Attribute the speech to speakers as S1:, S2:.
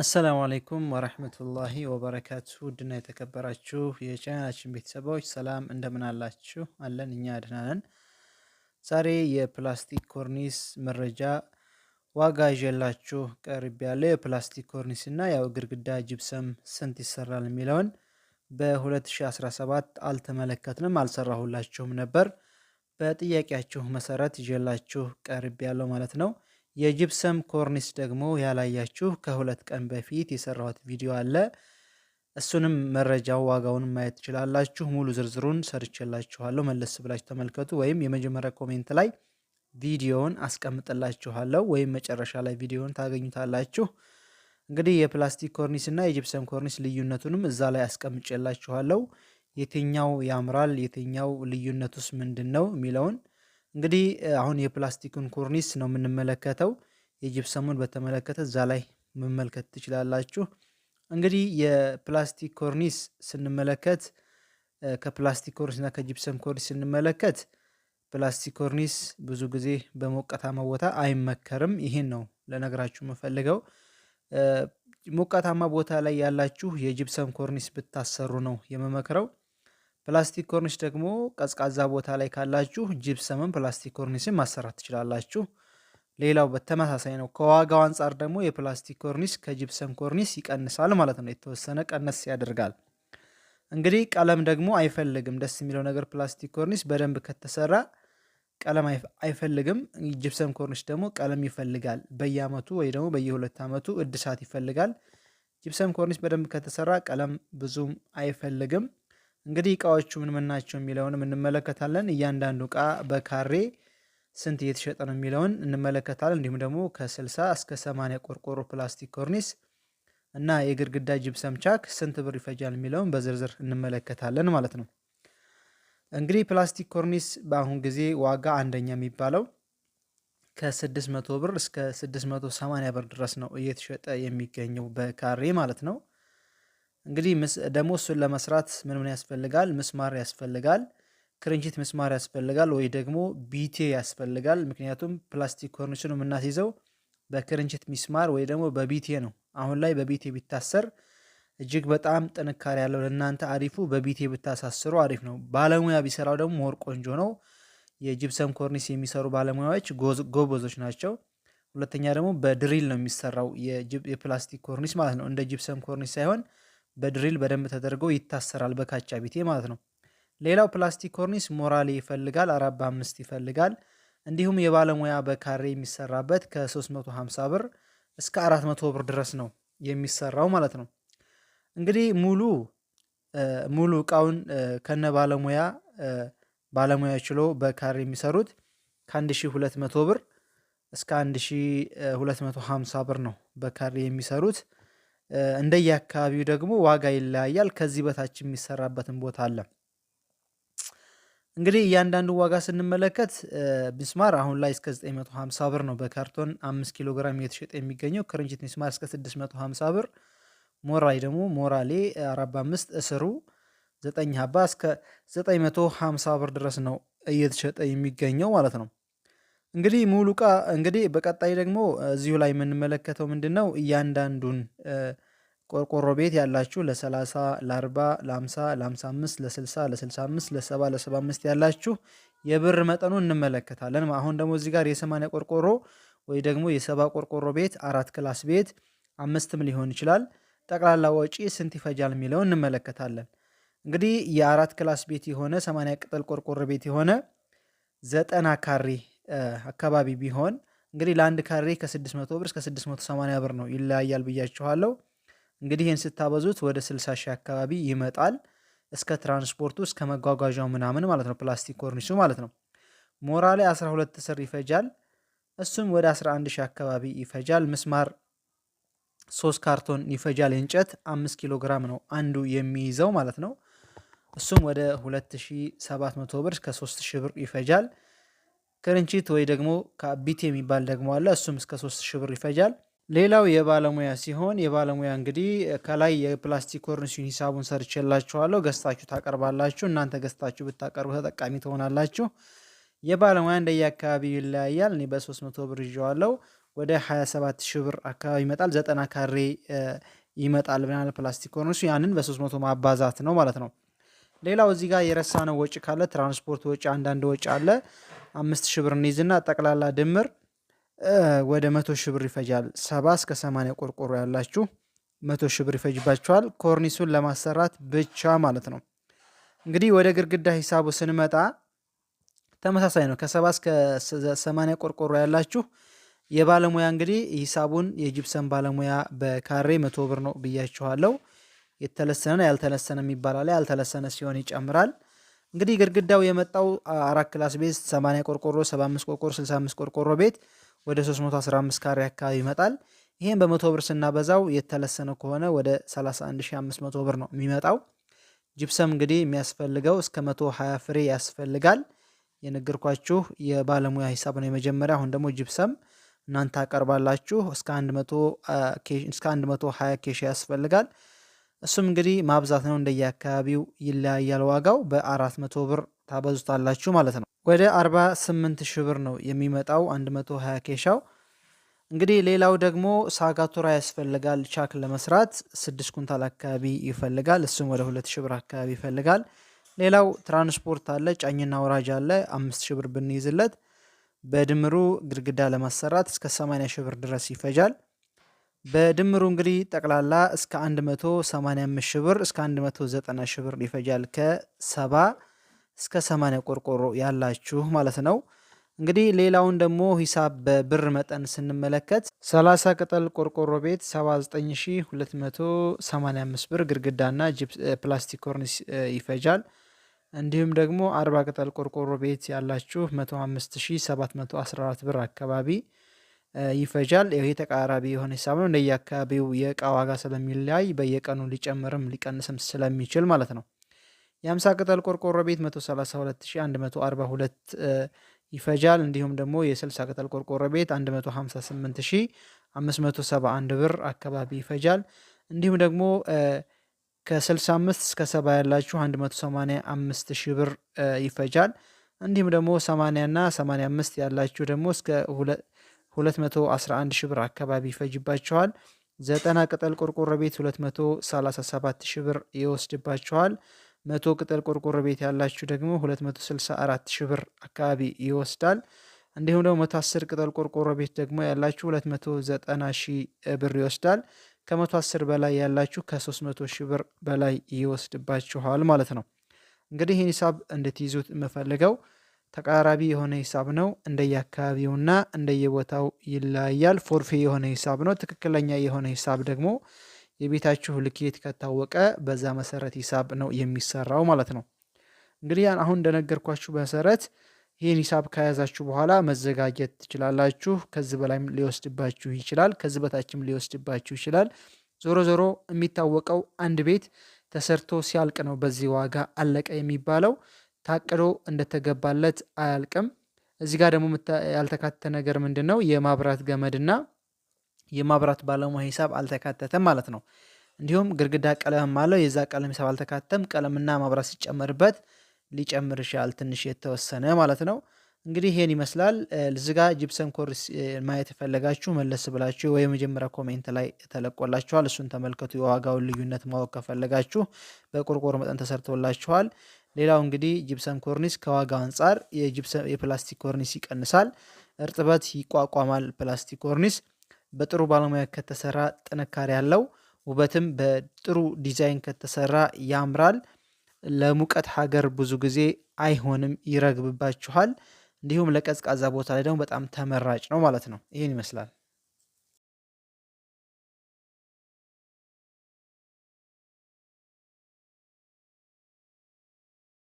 S1: አሰላሙ አለይኩም ወረህመቱላሂ ወበረካቱ። ውድና የተከበራችሁ የቻናላችን ቤተሰቦች ሰላም እንደምን አላችሁ? አለን እኛ አድናለን። ዛሬ የፕላስቲክ ኮርኒስ መረጃ ዋጋ ይዤላችሁ ቀርብ ያለው የፕላስቲክ ኮርኒስ እና ያው ግድግዳ ጅብሰም ስንት ይሰራል የሚለውን በ2017 አልተመለከትንም አልሰራሁላችሁም ነበር። በጥያቄያችሁ መሰረት ይዤላችሁ ቀርብ ያለው ማለት ነው። የጂፕሰም ኮርኒስ ደግሞ ያላያችሁ ከሁለት ቀን በፊት የሰራሁት ቪዲዮ አለ። እሱንም መረጃው ዋጋውን ማየት ትችላላችሁ። ሙሉ ዝርዝሩን ሰርችላችኋለሁ። መለስ ብላችሁ ተመልከቱ። ወይም የመጀመሪያ ኮሜንት ላይ ቪዲዮውን አስቀምጥላችኋለሁ፣ ወይም መጨረሻ ላይ ቪዲዮውን ታገኙታላችሁ። እንግዲህ የፕላስቲክ ኮርኒስ እና የጅብሰም ኮርኒስ ልዩነቱንም እዛ ላይ አስቀምጬላችኋለሁ። የትኛው ያምራል፣ የትኛው ልዩነቱስ ምንድን ነው የሚለውን እንግዲህ አሁን የፕላስቲኩን ኮርኒስ ነው የምንመለከተው። የጅብሰሙን በተመለከተ እዛ ላይ መመልከት ትችላላችሁ። እንግዲህ የፕላስቲክ ኮርኒስ ስንመለከት ከፕላስቲክ ኮርኒስ እና ከጅብሰም ኮርኒስ ስንመለከት ፕላስቲክ ኮርኒስ ብዙ ጊዜ በሞቃታማ ቦታ አይመከርም። ይሄን ነው ለነገራችሁ የምፈልገው። ሞቃታማ ቦታ ላይ ያላችሁ የጅብሰም ኮርኒስ ብታሰሩ ነው የምመክረው። ፕላስቲክ ኮርኒስ ደግሞ ቀዝቃዛ ቦታ ላይ ካላችሁ ጅብሰምን ፕላስቲክ ኮርኒስን ማሰራት ትችላላችሁ። ሌላው በተመሳሳይ ነው። ከዋጋው አንጻር ደግሞ የፕላስቲክ ኮርኒስ ከጅብሰም ኮርኒስ ይቀንሳል ማለት ነው። የተወሰነ ቀነስ ያደርጋል። እንግዲህ ቀለም ደግሞ አይፈልግም። ደስ የሚለው ነገር ፕላስቲክ ኮርኒስ በደንብ ከተሰራ ቀለም አይፈልግም። ጅብሰም ኮርኒስ ደግሞ ቀለም ይፈልጋል። በየአመቱ ወይ ደግሞ በየሁለት አመቱ እድሳት ይፈልጋል። ጅብሰም ኮርኒስ በደንብ ከተሰራ ቀለም ብዙም አይፈልግም። እንግዲህ እቃዎቹ ምን ምን ናቸው የሚለውን እንመለከታለን። እያንዳንዱ እቃ በካሬ ስንት እየተሸጠ ነው የሚለውን እንመለከታለን። እንዲሁም ደግሞ ከ60 እስከ 80 ቆርቆሮ ፕላስቲክ ኮርኒስ እና የግድግዳ ጅብሰም ቻክ ስንት ብር ይፈጃል የሚለውን በዝርዝር እንመለከታለን ማለት ነው። እንግዲህ ፕላስቲክ ኮርኒስ በአሁን ጊዜ ዋጋ አንደኛ የሚባለው ከ600 ብር እስከ 680 ብር ድረስ ነው እየተሸጠ የሚገኘው በካሬ ማለት ነው። እንግዲህ ደግሞ እሱን ለመስራት ምን ምን ያስፈልጋል? ምስማር ያስፈልጋል። ክርንችት ምስማር ያስፈልጋል ወይ ደግሞ ቢቴ ያስፈልጋል። ምክንያቱም ፕላስቲክ ኮርኒሱን የምናስይዘው በክርንችት ሚስማር ወይ ደግሞ በቢቴ ነው። አሁን ላይ በቢቴ ቢታሰር እጅግ በጣም ጥንካሬ ያለው ለእናንተ አሪፉ በቢቴ ብታሳስሩ አሪፍ ነው። ባለሙያ ቢሰራው ደግሞ ሞር ቆንጆ ነው። የጅብሰም ኮርኒስ የሚሰሩ ባለሙያዎች ጎበዞች ናቸው። ሁለተኛ ደግሞ በድሪል ነው የሚሰራው የፕላስቲክ ኮርኒስ ማለት ነው። እንደ ጅብሰም ኮርኒስ ሳይሆን በድሪል በደንብ ተደርጎ ይታሰራል፣ በካቻ ቢቴ ማለት ነው። ሌላው ፕላስቲክ ኮርኒስ ሞራሌ ይፈልጋል፣ አራት በአምስት ይፈልጋል። እንዲሁም የባለሙያ በካሬ የሚሰራበት ከ350 ብር እስከ 400 ብር ድረስ ነው የሚሰራው ማለት ነው። እንግዲህ ሙሉ ሙሉ እቃውን ከነ ባለሙያ ባለሙያ ችሎ በካሬ የሚሰሩት ከ1200 ብር እስከ 1250 ብር ነው በካሬ የሚሰሩት። እንደየአካባቢው ደግሞ ዋጋ ይለያያል። ከዚህ በታች የሚሰራበትን ቦታ አለ። እንግዲህ እያንዳንዱ ዋጋ ስንመለከት ሚስማር አሁን ላይ እስከ 950 ብር ነው በካርቶን 5 ኪሎ ግራም እየተሸጠ የሚገኘው። ክርንጅት ሚስማር እስከ 650 ብር፣ ሞራይ ደግሞ ሞራሌ 45 እስሩ 9 ሀባ እስከ 950 ብር ድረስ ነው እየተሸጠ የሚገኘው ማለት ነው። እንግዲህ ሙሉ እንግዲህ በቀጣይ ደግሞ እዚሁ ላይ የምንመለከተው ምንድን ነው እያንዳንዱን ቆርቆሮ ቤት ያላችሁ ለ30 ለ40 ለ50 ለ55 ለ60 ለ65 ለ70 ለ75 ያላችሁ የብር መጠኑ እንመለከታለን። አሁን ደግሞ እዚህ ጋር የ80 ቆርቆሮ ወይ ደግሞ የሰባ ቆርቆሮ ቤት አራት ክላስ ቤት አምስትም ሊሆን ይችላል። ጠቅላላ ወጪ ስንት ይፈጃል የሚለው እንመለከታለን። እንግዲህ የአራት ክላስ ቤት የሆነ 80 ቅጠል ቆርቆሮ ቤት የሆነ ዘጠና ካሬ አካባቢ ቢሆን እንግዲህ ለአንድ ካሬ ከ600 ብር እስከ 680 ብር ነው ይለያያል ብያችኋለሁ። እንግዲህ ይህን ስታበዙት ወደ 60 ሺህ አካባቢ ይመጣል። እስከ ትራንስፖርቱ እስከ መጓጓዣው ምናምን ማለት ነው። ፕላስቲክ ኮርኒሱ ማለት ነው። ሞራ ላይ 12 ስር ይፈጃል። እሱም ወደ 11 ሺህ አካባቢ ይፈጃል። ምስማር ሶስት ካርቶን ይፈጃል። እንጨት 5 ኪሎ ግራም ነው አንዱ የሚይዘው ማለት ነው። እሱም ወደ 2700 ብር እስከ 3000 ብር ይፈጃል። ክርንቺት ወይ ደግሞ ቢት የሚባል ደግሞ አለ። እሱም እስከ 3000 ብር ይፈጃል። ሌላው የባለሙያ ሲሆን የባለሙያ እንግዲህ ከላይ የፕላስቲክ ኮርኒሱን ሂሳቡን ሰርቼላችኋለሁ። ገዝታችሁ ታቀርባላችሁ። እናንተ ገዝታችሁ ብታቀርቡ ተጠቃሚ ትሆናላችሁ። የባለሙያ እንደየ አካባቢ ይለያያል። እኔ በሶስት መቶ ብር ይዤዋለሁ። ወደ 27 ሺህ ብር አካባቢ ይመጣል። ዘጠና ካሬ ይመጣል ብናል ፕላስቲክ ኮርኒሱ ያንን በሶስት መቶ ማባዛት ነው ማለት ነው። ሌላው እዚህ ጋር የረሳነው ወጪ ካለ ትራንስፖርት ወጪ፣ አንዳንድ ወጪ አለ። አምስት ሺህ ብር እንይዝና ጠቅላላ ድምር ወደ መቶ ሺህ ብር ይፈጃል። ሰባ እስከ ሰማንያ ቆርቆሮ ያላችሁ መቶ ሺህ ብር ይፈጅባችኋል። ኮርኒሱን ለማሰራት ብቻ ማለት ነው። እንግዲህ ወደ ግድግዳ ሂሳቡ ስንመጣ ተመሳሳይ ነው። ከሰባ እስከ ሰማንያ ቆርቆሮ ያላችሁ የባለሙያ እንግዲህ ሂሳቡን የጅብሰን ባለሙያ በካሬ መቶ ብር ነው ብያችኋለሁ። የተለሰነ ያልተለሰነ የሚባላል ያልተለሰነ ሲሆን ይጨምራል። እንግዲህ ግድግዳው የመጣው አራት ክላስ ቤት 80 ቆርቆሮ፣ 75 ቆርቆሮ፣ 65 ቆርቆሮ ቤት ወደ 315 ካሬ አካባቢ ይመጣል። ይህም በመቶ ብር ስናበዛው የተለሰነ ከሆነ ወደ 31500 ብር ነው የሚመጣው። ጅፕሰም እንግዲህ የሚያስፈልገው እስከ 120 ፍሬ ያስፈልጋል። የነገርኳችሁ የባለሙያ ሂሳብ ነው የመጀመሪያ። አሁን ደግሞ ጅፕሰም እናንተ አቀርባላችሁ። እስከ 120 ኬሻ ያስፈልጋል። እሱም እንግዲህ ማብዛት ነው እንደየአካባቢው ይለያያል። ዋጋው በአራት መቶ ብር ታበዙታላችሁ ማለት ነው። ወደ 48 ሺህ ብር ነው የሚመጣው 120 ኬሻው። እንግዲህ ሌላው ደግሞ ሳጋቱራ ያስፈልጋል። ቻክ ለመስራት 6 ኩንታል አካባቢ ይፈልጋል። እሱም ወደ 2 ሽብር ብር አካባቢ ይፈልጋል። ሌላው ትራንስፖርት አለ፣ ጫኝና ወራጅ አለ። 5 ሽብር ብር ብንይዝለት በድምሩ ግድግዳ ለማሰራት እስከ 80 ብር ድረስ ይፈጃል። በድምሩ እንግዲህ ጠቅላላ እስከ 185 ሺህ ብር እስከ 190 ብር ይፈጃል ከሰባ እስከ 80 ቆርቆሮ ያላችሁ ማለት ነው። እንግዲህ ሌላውን ደግሞ ሂሳብ በብር መጠን ስንመለከት 30 ቅጠል ቆርቆሮ ቤት 79285 ብር፣ ግድግዳና ፕላስቲክ ኮርኒስ ይፈጃል። እንዲሁም ደግሞ 40 ቅጠል ቆርቆሮ ቤት ያላችሁ 105714 ብር አካባቢ ይፈጃል። ይህ ተቃራቢ የሆነ ሂሳብ ነው። እንደየአካባቢው የእቃ ዋጋ ስለሚለያይ በየቀኑ ሊጨምርም ሊቀንስም ስለሚችል ማለት ነው። የአምሳ ቅጠል ቆርቆሮ ቤት 132142 ይፈጃል። እንዲሁም ደግሞ የ60 ቅጠል ቆርቆሮ ቤት 158571 ብር አካባቢ ይፈጃል። እንዲሁም ደግሞ ከ65 እስከ 70 ያላችሁ 185000 ብር ይፈጃል። እንዲሁም ደግሞ 80 እና 85 ያላችሁ ደግሞ እስከ 211000 ብር አካባቢ ይፈጅባችኋል። ዘጠና ቅጠል ቆርቆሮ ቤት 237000 ብር ይወስድባችኋል። መቶ ቅጠል ቆርቆሮ ቤት ያላችሁ ደግሞ 264 ሺህ ብር አካባቢ ይወስዳል። እንዲሁም ደግሞ መቶ አስር ቅጠል ቆርቆሮ ቤት ደግሞ ያላችሁ 290 ሺህ ብር ይወስዳል። ከመቶ ከ110 በላይ ያላችሁ ከ300 ሺህ ብር በላይ ይወስድባችኋል ማለት ነው። እንግዲህ ይህን ሂሳብ እንድትይዙት የምፈልገው ተቀራራቢ የሆነ ሂሳብ ነው። እንደየአካባቢውና እንደየቦታው ይለያያል። ፎርፌ የሆነ ሂሳብ ነው። ትክክለኛ የሆነ ሂሳብ ደግሞ የቤታችሁ ልኬት ከታወቀ በዛ መሰረት ሂሳብ ነው የሚሰራው ማለት ነው። እንግዲህ አሁን እንደነገርኳችሁ መሰረት ይህን ሂሳብ ከያዛችሁ በኋላ መዘጋጀት ትችላላችሁ። ከዚህ በላይም ሊወስድባችሁ ይችላል፣ ከዚህ በታችም ሊወስድባችሁ ይችላል። ዞሮ ዞሮ የሚታወቀው አንድ ቤት ተሰርቶ ሲያልቅ ነው በዚህ ዋጋ አለቀ የሚባለው። ታቅዶ እንደተገባለት አያልቅም። እዚህ ጋር ደግሞ ያልተካተተ ነገር ምንድን ነው? የማብራት ገመድና የማብራት ባለሙያ ሂሳብ አልተካተተም ማለት ነው። እንዲሁም ግድግዳ ቀለም አለው፣ የዛ ቀለም ሂሳብ አልተካተም። ቀለምና ማብራት ሲጨመርበት ሊጨምር ይችላል፣ ትንሽ የተወሰነ ማለት ነው። እንግዲህ ይሄን ይመስላል። ልዝጋ ጅብሰን ኮር ማየት የፈለጋችሁ መለስ ብላችሁ ወይ መጀመሪያ ኮሜንት ላይ ተለቆላችኋል፣ እሱን ተመልከቱ። የዋጋውን ልዩነት ማወቅ ከፈለጋችሁ በቆርቆሮ መጠን ተሰርቶላችኋል። ሌላው እንግዲህ ጅብሰን ኮርኒስ ከዋጋ አንጻር የፕላስቲክ ኮርኒስ ይቀንሳል፣ እርጥበት ይቋቋማል ፕላስቲክ ኮርኒስ በጥሩ ባለሙያ ከተሰራ ጥንካሬ አለው። ውበትም በጥሩ ዲዛይን ከተሰራ ያምራል። ለሙቀት ሀገር ብዙ ጊዜ አይሆንም፣ ይረግብባችኋል። እንዲሁም ለቀዝቃዛ ቦታ ላይ ደግሞ በጣም ተመራጭ ነው ማለት ነው። ይህን ይመስላል።